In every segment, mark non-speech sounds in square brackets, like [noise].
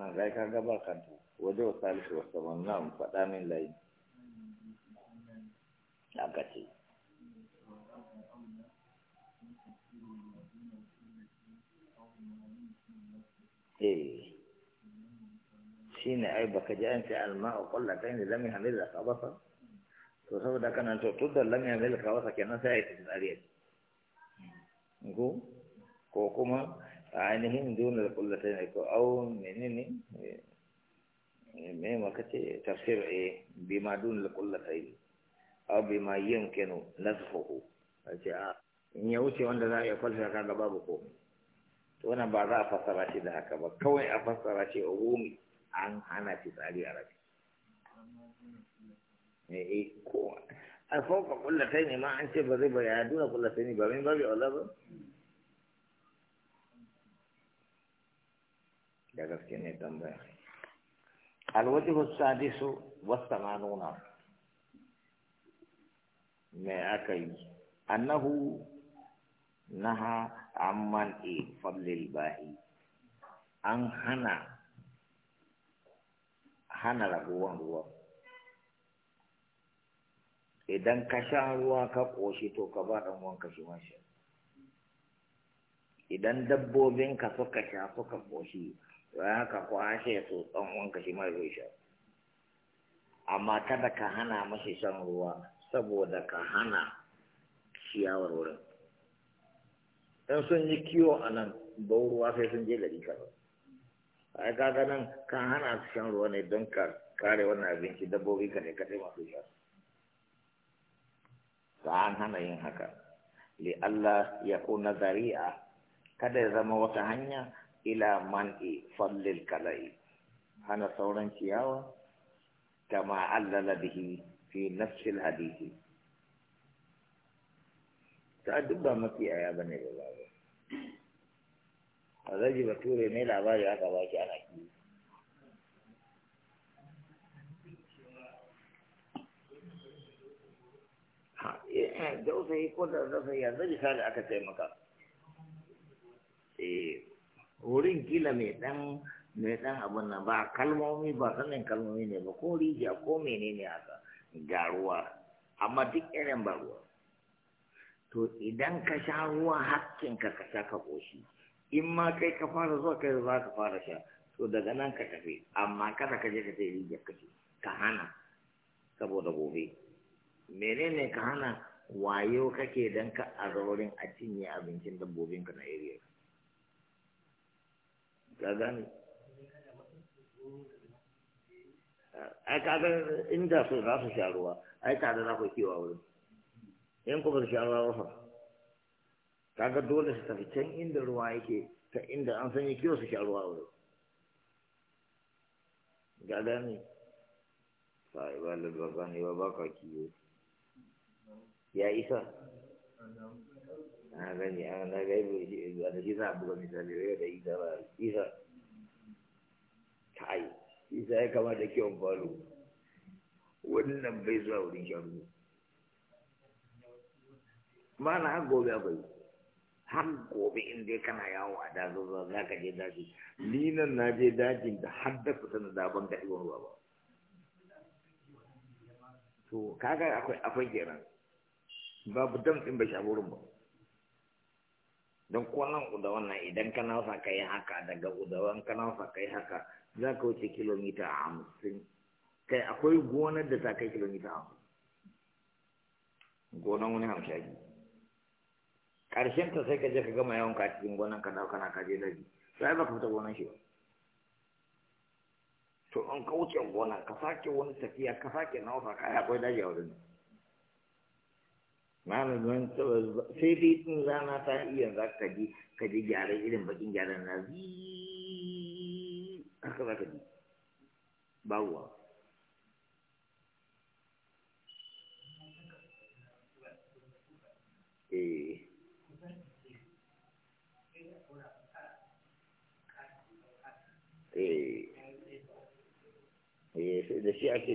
na rai ka gaba ta waje wa salisu wasu saman nan faɗa min layi a gace eh shi ne ai baka ji an ce a kulla kai ne lamin hamil da ka basa to saboda kana to tun da lamin hamil ka basa kenan sai a yi tafi ko kuma ainihin da kullatai ne ko au menene mai makace tafsir a eh, bima dunar kullatai au ma yin kenu nasfahu a ce a ah, in ya wuce wanda za a iya falsa kaga babu ko to wannan ba za a fassara shi da haka ba kawai a fassara shi a gumi an hana tsari a rabi eh, eh ko a fauka kullatai ne ma an ce ba zai bayana dunar kullatai ne ba min babu aula ba da gaske ne tambaya alwajihu sadisu wasu manuna me aka yi annahu naha amman e fadlil bahi an hana hana raguwan ruwa idan ka sha ruwa ka ƙoshi to ka ba ɗan wanka shi mashi idan dabbobinka suka sha suka ƙoshi ko an shi su ɗan wanka shi mai rushe amma kada ka hana mashi shan ruwa saboda ka hana ciyawar wurin in sun yi kiwo a nan bau ruwa sai sun je gari kaza ai kaga nan ka hana su shan ruwa ne don ka kare wannan abinci dabbobi ka ne kaɗai masu sha ba an hana yin haka li Allah ya kuna zari'a kada ya zama wata hanya إلى من فضل الكلاي أنا صورا شياوة كما علل به في نفس الحديث تأدب ما في آية بني الله هذا جب طول ميل أباري أكا باكي أنا كي إيه، دوسي كل دوسي هذا جسال أكا سيمكا إيه wurin kila mai dan mai dan abun nan ba kalmomi ba sanin kalmomi ne ba ko rijiya ko menene haka ga amma duk irin ba ruwa to idan ka sha ruwa hakkin ka ka sha ka koshi in ma kai ka fara zuwa kai za ka fara sha to daga nan ka tafi amma kada ka je ka sai rijiyar ka ka hana saboda gobe menene ka hana wayo kake dan ka a zaurin a cinye abincin dabbobinka na area ka gane ai kaga inda su za su sha ruwa ai tare za ku kewa wurin in ku sha ruwa ba kaga dole su tafi can inda ruwa yake ta inda an sanya kiwo su sha ruwa wurin ga sai ba lalba ba ne ba ba ka kiwo ya isa na gani an na gaibu a da isa buga misali yau da isa ba isa kai isa ya kama da kyau falo wannan bai zuwa wurin sharu ma na har gobe akwai har gobe in dai kana yawo a dazuzza za ka je daji ni nan na je dajin da har da fita na daban da iwon ruwa ba to kaga akwai akwai kenan babu dam din bai shafi wurin ba don kwallon udawan nan idan ka nausa ka yi haka daga udawan ka nausa ka yi haka za ka wuce kilomita hamsin kai akwai gonar da ta kai kilomita hamsin gonar wani hamshaki ƙarshen ta sai ka je ka gama yawon ka cikin gonar ka dauka na ka je daji sai ba ka fita gonar shi ba to in ka wuce gonar ka sake wani tafiya ka sake nausa ka yi akwai daji a wajen nan malamin sai dai ɗin rana ta iya za ka ji ka irin bakin gyaran na zi haka za ka ji bawuwa eh eh eh shi ake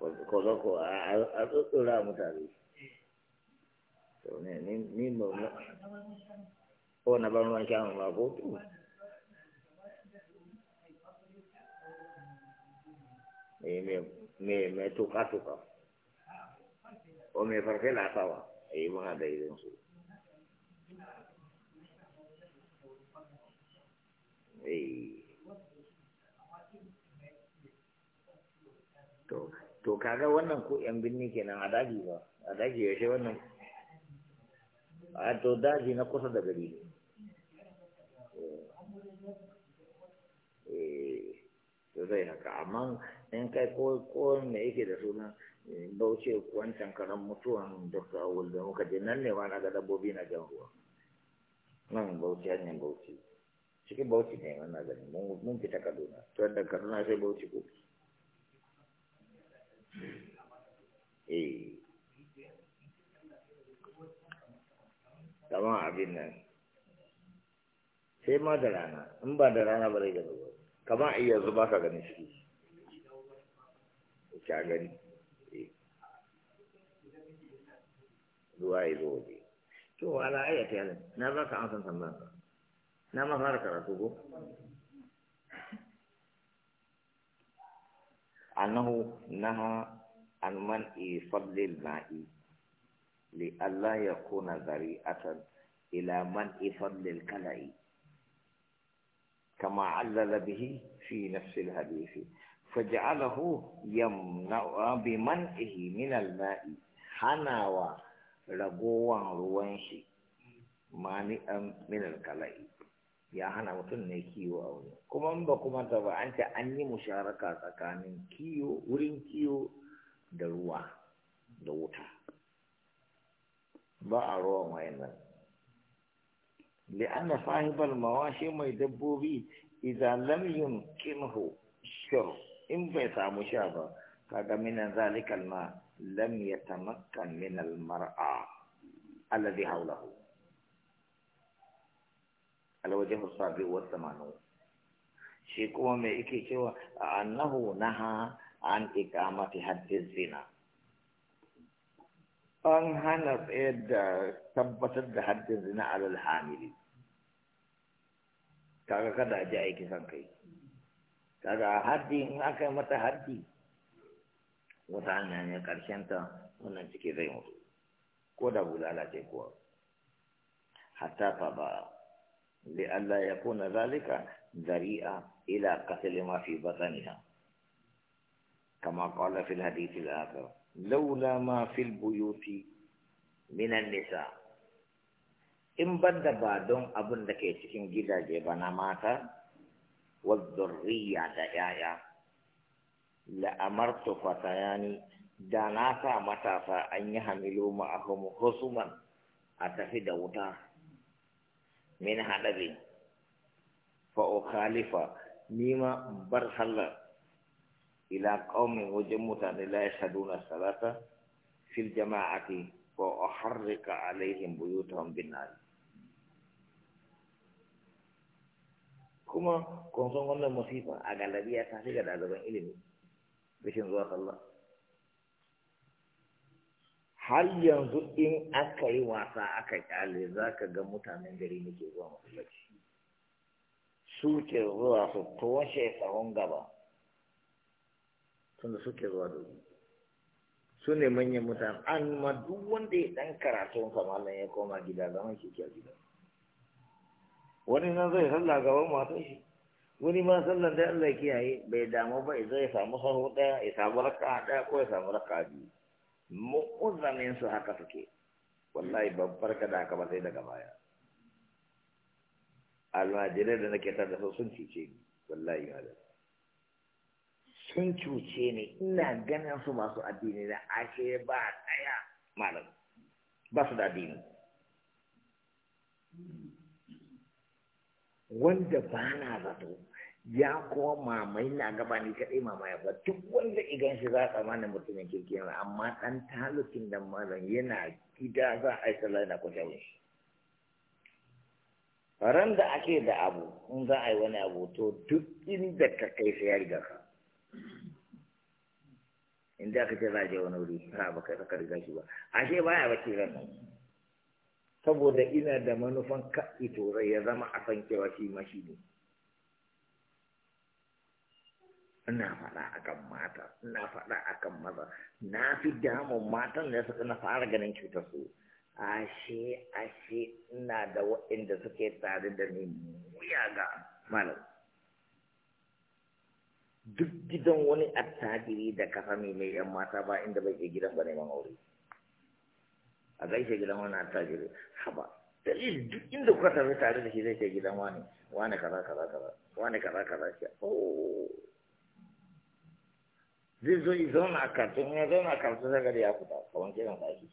ko ga ko a mutane to ne ni ba ko na ban ruwan shanu me tuka tuka me farfe la sawa e muna da irin su eh to to kaga wannan ko yan binni kenan a daji ba a daji yaushe wannan a to daji na kusa da gari eh, to zai haka amma in kai ko ko yake da suna eh, bauce wancan karan mutuwan dr awul da muka je nan ne ma na ga dabbobi na jan ruwa nan bauchi hanyar bauchi cikin bauchi ne wannan gani mun fita kaduna to da kaduna sai bauchi ko eh kamar abin nan sai ma da rana in ba da rana ba zai gaba kamar iya zuba ka gani shi ka gani eh. ruwa ya zo waje to ala ayyata yana na baka an san tambayar na ma fara karatu ko أنه نهى عن من فضل الماء لئلا يكون ذريئة إلى من فضل الكلاء كما علل به في نفس الحديث فجعله يمنع بمنعه من الماء حنا ورغوا روانشي مانئا من الكلائي ya hana mutum ne kiwo a wuri kuma ba kuma ta ba an ce an yi musharaka tsakanin kiwo wurin kiwo da ruwa da wuta ba a ruwan wayannan li'anna sahibal mawashi mai dabbobi idan lam yumkinhu shur in bai samu sha ba kaga minan zalikal ma lam yatamakkan min al mar'a alladhi hawlahu alwajen musabi wa samanu shi kuma mai yake cewa annahu naha an iqamati haddin zina an hana tsayar da tabbatar da haddin zina alal hamili kaga kada a ji aiki san kai kaga haddi in aka yi mata haddi wata hanya ne karshen ta wannan ciki zai mutu ko da bulala ce kuwa hatta fa ba لئلا يكون ذلك ذريئة إلى قتل ما في بطنها كما قال في الحديث الآخر لولا ما في البيوت من النساء in ban da ba don abun da ke cikin gidaje bana mata wa da yaya la'amartu fatayani da na sa matasa an yi hamilu ma'ahum husuman a tafi da wuta min haɗari fa khalifa nima bar sallah ila qaumin wajen mutane la yashaduna salata fil jama'ati wa uharrika alaihim buyutahum bin kuma kun son wannan masifa a galabiya ta shiga ɗaliban ilimi bishin zuwa sallah har yanzu in aka yi wasa aka kyale za ka ga mutanen gari ne ke zuwa masallaci su ke zuwa su toshe tsawon gaba tunda suke zuwa da su ne manyan mutane an ma duk wanda ya dan karatun kamalan ya koma gida zaman shi ke gida wani nan zai sallah gaban matan shi wani ma sallan da Allah kiyaye bai damu ba zai samu sahu daya ya samu raka'a daya ko ya samu raka'a biyu mu'uzzamin su haka suke wallahi babbar ka da haka ba sai daga baya almajirai da nake tar da su sun cuce ni wallahi malam sun cuce ni ina ganin su masu addini da ake ba daya malam ba su da addini wanda ba na zato ya kuma mamai na gaba ni kaɗai ya ba duk wanda igan shi za a mutum mutumin kirki yana amma ɗan talukin da malam yana gida za a yi sallah na kwashe shi ran da ake da abu in za a yi wani abu to duk inda ka kai sai ya riga ka inda aka ce za a je wani wuri ba ba kai ka riga shi ba ashe baya bacci ran nan saboda ina da manufan ka ito ya zama a san cewa shi ma shi ne ina faɗa akan mata ina faɗa akan maza na fi damun matan da suka na fara ganin cutar su ashe ashe ina da waɗanda suke tare da ni muyaga malam duk gidan wani attajiri da kafa mai mai yan mata ba inda bai ke gidan ba neman aure a gaishe gidan wani attajiri haba dalil duk inda kuka tafi tare da shi zai ke gidan wani wani kaza kaza kaza wani kaza kaza kaza. oh zai zo yi zauna a kartun ya zauna a kartun sai gari ya fita kawan kiran ɗaki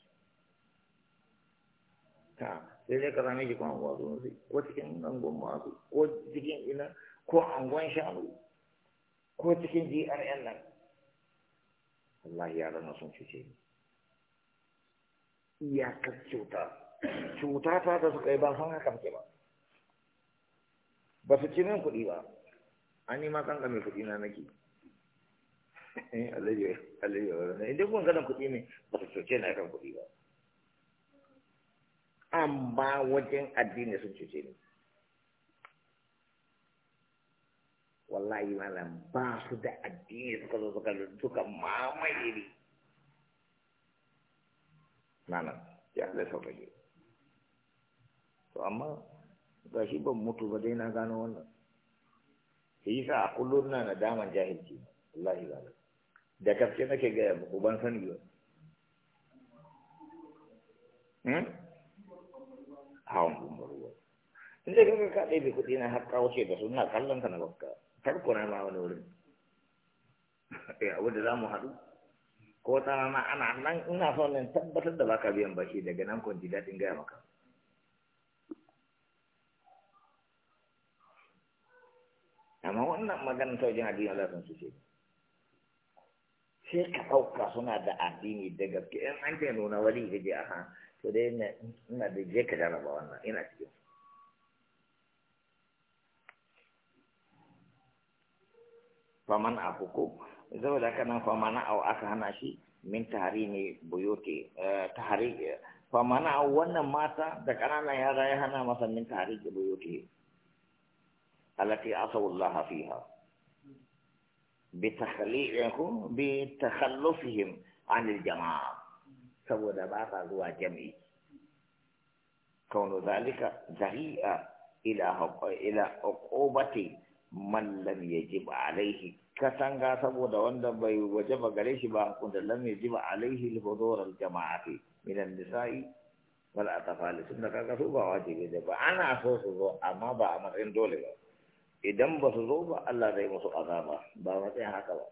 ta sai dai ka same shi kuma wazo sai ko cikin angon masu ko cikin ina ko angon shanu ko cikin grn nan Allah ya rana sun cuce ni iyakar cuta cuta ta ta suka yi ba san haka muke ba ba su ci min kuɗi ba an yi ma kanka mai kuɗi na nake Eh, alayyar wani inda kun ganin kuɗi ne ba su cuce na kan kuɗi ba wajen addini sun cuce ne wallahi malam ba su da addini suka zo suka suka mamaye ne malam ya Allah sauka to amma ga shi ban mutu ba dai na gano wannan shi sa a kullum na nadaman jahilci wallahi malam da gaske nake gaya muku ban sani ba hmm? hawan gumbaruwa in dai kaga ka ɗebe kuɗi na har kawo ce da suna kallon ka na bakka farko na ma wani wurin [laughs] eh abu za mu haɗu ko ta rana ana nan ina son nan tabbatar da baka biyan bashi daga nan kun ji daɗin gaya maka amma wannan magana ta wajen addinin Allah sun su ce sai ka ɗauka suna da addini da gaske in an ke nuna wani gaje a ha to dai ina da je ka jaraba wannan ina cikin faman abu ko saboda da nan famana au aka hana shi min ne, buyuti eh, tahri famana au wannan mata da ƙananan yara ya hana masa min tahrimi buyuti allati asawullaha fiha بتخليعهم بتخلصهم عن الجماعة سود بعض هو جميع كون ذلك ذريئة إلى إلى عقوبة من لم يجب عليه كسان سبود وند دبي وجب غريش با كون لم يجب عليه الحضور الجماعة من النساء والأطفال سنة كاكا واجب واجب أنا أسوس أما با أمر إن دولي idan ba su zo ba Allah zai musu azaba ba matsayin haka ba